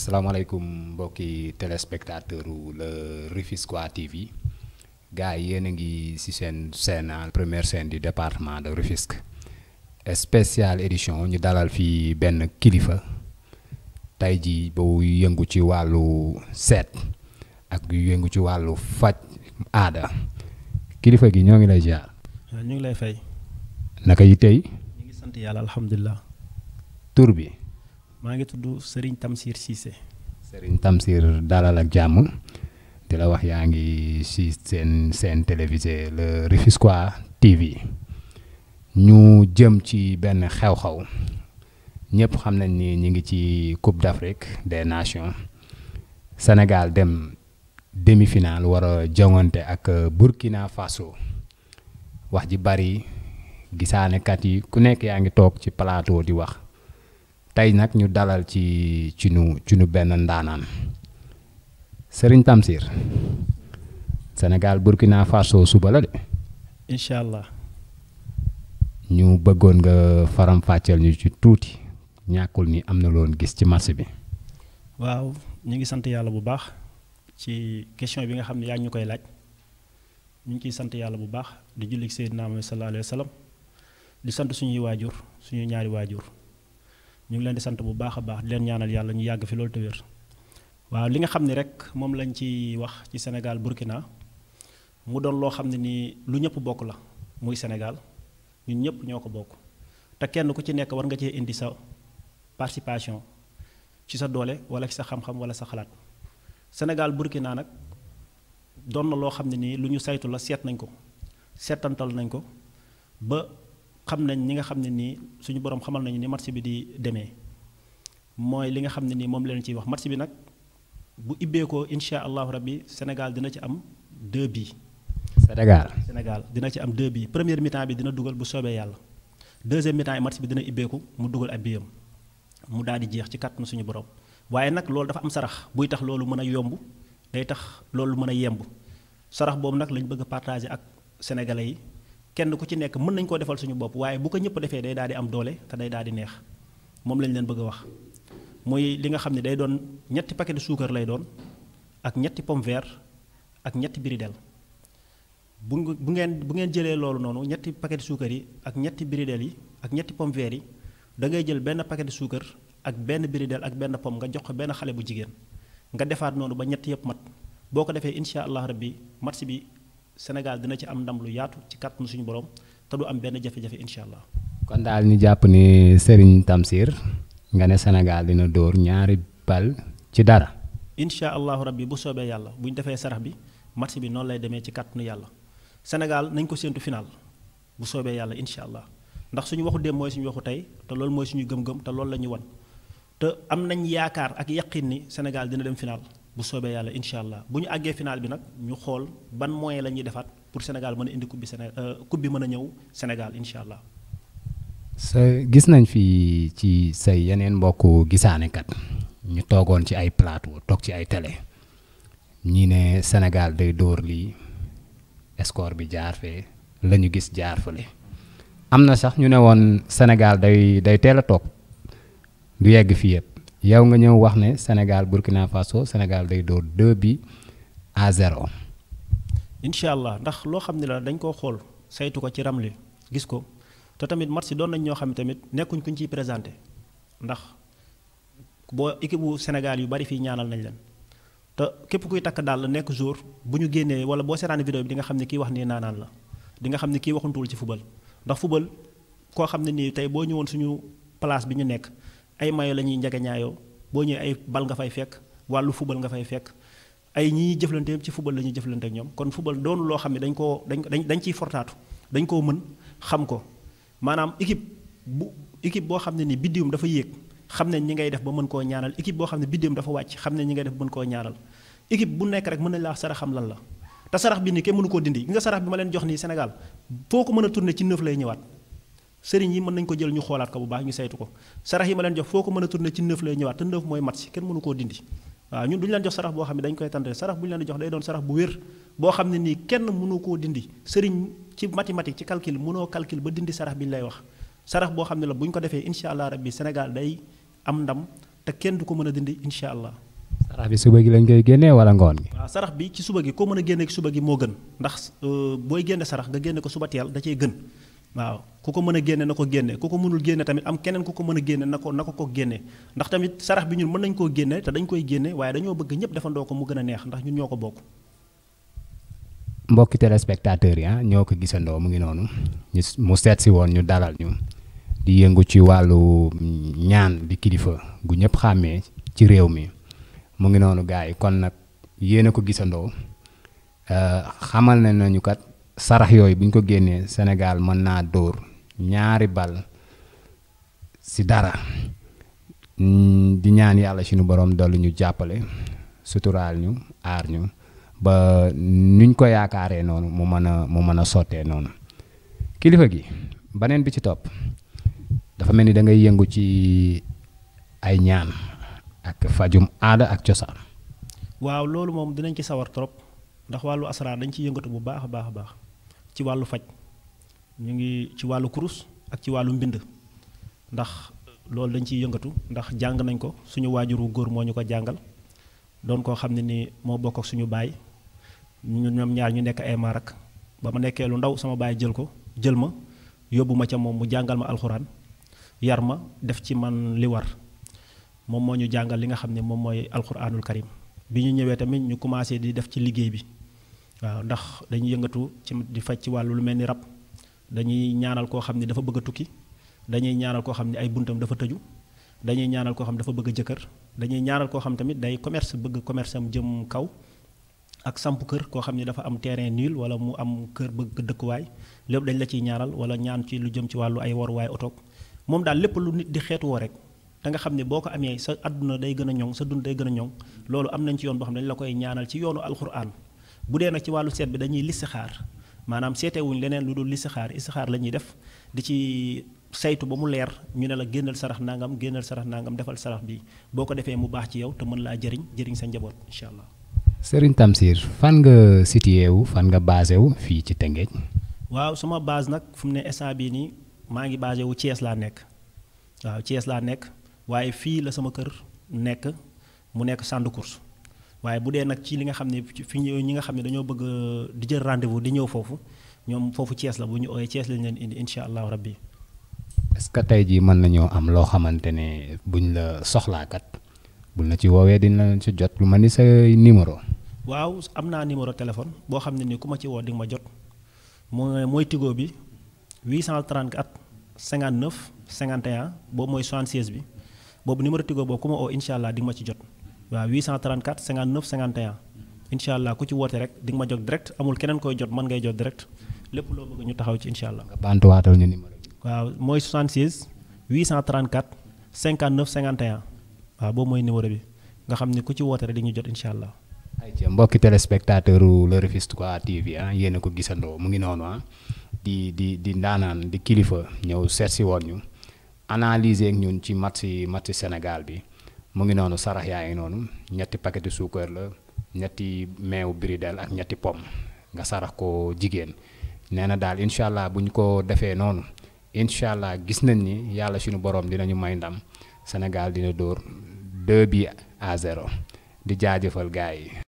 salaamaaleykum mbokki téléspectateur u le Rufisquois TV gars yi yéen a ngi ci seen seen première scène du département de Rufisque spéciale édition ñu dalal fii benn kilifa tey ji boo yëngu ci wàllu seet ak yëngu ci wàllu faj aada kilifa gi ñoo ngi lay ziar. ñu ngi lay fay. naka yi tey. sant yàlla alhamdulilah. tur bi. maa ngi tudd Serigne Tamsir Cissé. Serigne Tamsir dalal ak jàmm di la wax yaa ngi si seen seen télévisé le Rufisquois TV ñu jëm ci benn xew-xew ñëpp xam nañ ni ñu ngi ci Coupe d'Afrique des Nations Sénégal dem. demi-finale war a joŋante ak euh, Burkina Faso wax ji bari gisaanekat yi ku nekk yaa ngi toog ci plateau di wax tey nag ñu dalal ci ci nu ci nu benn ndaanaan Serigne Tamsir Sénégal Burkina Faso suba la de. incha allah. ñu bëggoon nga faram-fàcceel ñu ci tuuti ñàkkul ni am na loon gis ci marché bi. waaw ñu ngi sant yàlla bu baax. ci question bi nga xam ne yaa ñu koy laaj ñu ngi ciy sant yàlla bu baax di julli ci Seydina Muhammad sallallahu di sant suñuy waajur suñuy ñaari waajur ñu ngi leen di sant bu baax a baax di leen yàlla ñu yàgg fi loolu te waaw li nga xam ne rek moom lañ ci wax ci Sénégal Burkina mu doon loo xam ne nii lu ñëpp bokk la muy Sénégal ñun ñëpp ñoo ko bokk te kenn ku ci nekk war nga cee indi sa participation ci sa doole wala ci sa xam-xam wala sa xalaat Sénégal Burkina nag doon na loo xam ne nii lu ñu saytu la seet nañ ko seetantal nañ ko ba xam nañ ñi nga xam ne nii suñu borom xamal nañu ni match bi di demee mooy li nga xam ne nii moom leen ciy wax match bi nag bu ibbeekoo incha allahu rabbi Sénégal dina ci am deux bi Sénégal Sénégal dina ci am deux bi première mi bi dina dugal bu soobee yàlla deuxième mi-temps bi dina ibbeeku mu dugal ab biiram mu daal di jeex ci kàttanu suñu borom. waaye nag loolu dafa am sarax buy tax loolu mën a yomb day tax loolu mën a yemb sarax boobu nag lañ bëgg a ak sénégalais yi kenn ku ci nekk mën nañ koo defal suñu bopp waaye bu ko ñëpp defee day daadi am doole te day daal di neex moom lañ leen bëgg a wax. muy li nga xam ne day doon ñetti paquet suukar lay doon ak ñetti pomme verte ak ñetti biridel bu bu ngeen bu ngeen jëlee loolu noonu ñetti paquet de suukar yi ak ñetti biridel yi ak ñetti pomme yi da ngay jël benn paquet suukar. ak benn biri del ak benn pom nga jox ko benn xale bu jigéen nga defaat noonu ba ñett yëpp mat boo ko defee incha allah rabbi match bi Sénégal dina ci am ndam lu yaatu ci kàttanu suñu borom te du am benn jafe-jafe incha allah. kon daal ñu jàpp ni Serigne Tamsir nga ne Sénégal dina dóor ñaari bal ci dara. incha allahu rabbi bu soobee yàlla bu ñu defee sarax bi match bi noonu lay demee ci kàttanu yàlla Sénégal nañ ko séntu final bu soobee yàlla incha allah ndax suñu waxu dem suñu waxu tey te loolu mooy suñu gëm te loolu la ñu wan. te am nañ yaakaar ak yaqin ni Sénégal dina dem final bu soobee yàlla incha allah bu ñu àggee final bi nag ñu xool ban moyen la ñuy defaat pour Sénégal mën a indi coupe bi Séné euh, coupe bi mën a ñëw Sénégal incha allah. sa gis nañ fi ci say yeneen mbokku gisaanekat ñu toogoon ci ay plateau toog ci ay tele ñii ne Sénégal day dóor lii score bi jaar fee la gis jaar fële am na sax ñu ne woon Sénégal day day teel a toog. du yegg fii yëpp yow nga ñëw wax ne Sénégal Burkina Faso Sénégal day dóor 2 bi à 0. incha allah ndax loo xam ne la dañ koo xool saytu ko ci Ramli gis ko te tamit match doon nañ ñoo xam ne tamit nekkuñ kuñ ciy présenté ndax boo équipe bu yu bari fii ñaanal nañ leen. te képp kuy takk daal nekk jour bu ñu génnee wala boo seetaanee vidéo bi di nga xam ne kii wax nii naanaan la di xam ne kii waxuntuwul ci fubal ndax fubal koo xam ne nii tey boo ñëwoon suñu place bi ñu nekk. ay mayo la ñuy njagañaayoo boo ñëwee ay bal nga fay fekk wàllu fubal nga fay fekk ay ñi jëflanteem ci fubal la ñuy jëflante ñoom kon fubal doonu loo xam ne dañ koo dañ dañ dañ ciy fortaatu dañ koo mën xam ko maanaam équipe bu équipe boo xam ne ni biddiwum dafa yéeg xam ne ñi ngay def ba mën koo ñaanal équipe boo xam ne wàcc xam ne ñi ngay def ba mën koo ñaanal bu nekk rek mën nañ laa saraxam lan la te sarax bi ni kenn mënu koo dindi gi nga sarax bi ma leen jox nii Sénégal foo ko mën a turne ci neuf lay ñëwaat sëriñ yi mën nañ ko jël ñu xoolaat ko bu baax ñu saytu ko sarax yi ma leen jox foo ko mën a tourné ci neuf lay ñëwaat te neuf mooy mat si kenn mënu koo dindi waaw ñun du leen jox sarax boo xam ne dañ koy tante sarax leen jox day doon sarax boo xam ne nii kenn mënu koo dindi sëriñ ci mathématique ci calcul mënoo calcul ba dindi sarax bi ñu lay wax sarax boo xam ne la bu ñu ko defee incha allah rabbi Sénégal day am ndam te kenn du ko mën a dindi incha allah sarax bi suba gi lañ koy génne wala ngoon gi waaw sarax bi ci suba gi koo mën a génne ci suba gi moo gën ndax euh, booy génne sarax nga génne ko suba teel da cey gën waaw ku ko mën a génne na ko génne ku ko mënul génne tamit am keneen ku ko mën a génne na ko na ko ko génne ndax tamit sarax bi ñun mën nañ koo génne te dañ koy génne waaye dañoo bëgg ñëpp defandoo ko mu gën a neex ndax ñun ñoo ko bokk mbokki téléspectateurs yi ah ñoo ko gisandoo mu ngi noonu ñu mu seet si woon ñu dalal ñu di yëngu ci wàllu ñaan di kilifa gu ñëpp xàmmee ci réew mi mu ngi noonu gars yi kon nag yéen a ko gisandoo euh, xamal ne nañu kat sarax yooyu bu ñu ko génnee Sénégal mën naa dóor ñaari bal si dara mm, di ñaan yàlla suñu borom dolli ñu jàppale suturaal ñu aar ñu ba nuñ ko yaakaaree noonu mu mën a mu mën a sottee noonu kilifa gi beneen bi ci topp dafa mel ni dangay yëngu ci ay ñaan ak fajum aada ak cosaan. waaw loolu moom dinañ ci sawar trop ndax wàllu asraar dañ ci yëngatu bu baax a baax a baax. ci wàllu faj ñu ngi ci wàllu kurus ak ci wàllu mbind ndax loolu dañ ciy yëngatu ndax jàng nañ ko suñu waajuru góor moo ñu ko jàngal doon koo xam ne ni moo bokk ak suñu baay ñu ñoom ñaar ñu nekk ay maarak ba ma nekkee lu ndaw sama baay jël ko jël ma yóbbu ma ca moom mu jàngal ma alxuraan yar ma def ci man li war moom moo ñu jàngal li nga xam ne moom mooy alxuraanul karim bi ñu ñëwee tamit ñu commencé di def ci liggéey bi waaw ndax dañuy yëngatu ci di faj ci wàllu lu mel ni rab dañuy ñaanal koo xam ni dafa bëgg a tukki dañuy ñaanal koo xam ni ay buntam dafa tëju dañuy ñaanal koo xam dafa bëgg a jëkkër dañuy ñaanal koo xam tamit day commerce bëgg commerce am jëm kaw ak samp kër koo xam ni dafa am terrain nul wala mu am kër bëgg dëkkuwaay lépp dañ la ciy ñaanal wala ñaan ci lu jëm ci wàllu ay waruwaay otoog moom daal lépp lu nit di xeetu woo rek da nga xam ne boo ko amee sa àdduna day gën a ñoŋ sa dund day gën a ñoŋ loolu am nañ ci yoon boo xam la koy ñaanal ci yoonu alxuraan bu dee nag ci wàllu seet bi dañuy listixaar maanaam seetewuñ leneen lu dul listixaar istixaar la ñuy def di ci saytu ba mu leer ñu ne la génnal sarax nangam génnal sarax nangam defal sarax bi boo ko defee mu baax ci yow te mën laa jëriñ jëriñ sa njaboot incha allah. Serigne Tamsir fan nga situé wu fan nga basé wu fii ci Tëngéej. waaw sama base nag fu mu ne instant bi nii maa ngi basé wu Thiès laa nekk waaw Thiès laa nekk waaye fii la sama kër nekk mu nekk Sande Course waaye bu dee nag ci li nga xam ne fi ñu ñi nga xam ne dañoo bëgg euh, di jël rendez-vous di ñëw foofu ñoom foofu cees la bu ñu ooyee Thiès lañ leen indi incha allahu rabbi est-ce que tey jii mën nañoo am loo xamante ne buñ la soxlaakat buñ na ci woowee dina leen ci jot lu ma ni say numéro. waaw am naa numéro téléphone boo xam ne ni ku ma ci woo di ma jot mooy mooy Tigo bi 834 59 51 boobu mooy 76 bi boobu numéro Tigo boobu ku ma oo incha allah di ma ci jot. waaw 834 59 51 incha allah ku ci woote rek di nga ma jot direct amul keneen koy jot mën ngay jot direct lépp loo bëgg ñu taxaw ci incha allah. nga bantuwaatal ñu numéro bi. waaw mooy 76 834 59 51 waaw boobu mooy numéro bi nga xam ne ku ci woote rek di jot incha allah. ayca mbokki téléspectateur Le Rufisquois TV ah yéen a ko gisandoo mu ngi noonu ah di di di ndaanaan di kilifa ñëw seet si woon ñu analyser ñun ci match match Sénégal bi. mu ngi noonu sarax yaa ngi noonu ñetti paquetu suukar la ñetti meew biridel ak ñetti pom nga sarax ko jigéen nee na daal incha allah bu ñu ko defee noonu incha allah gis nañ ni yàlla suñu borom dinañu may ndam Sénégal dina dóor 2 bi à di jaajëfal gars yi.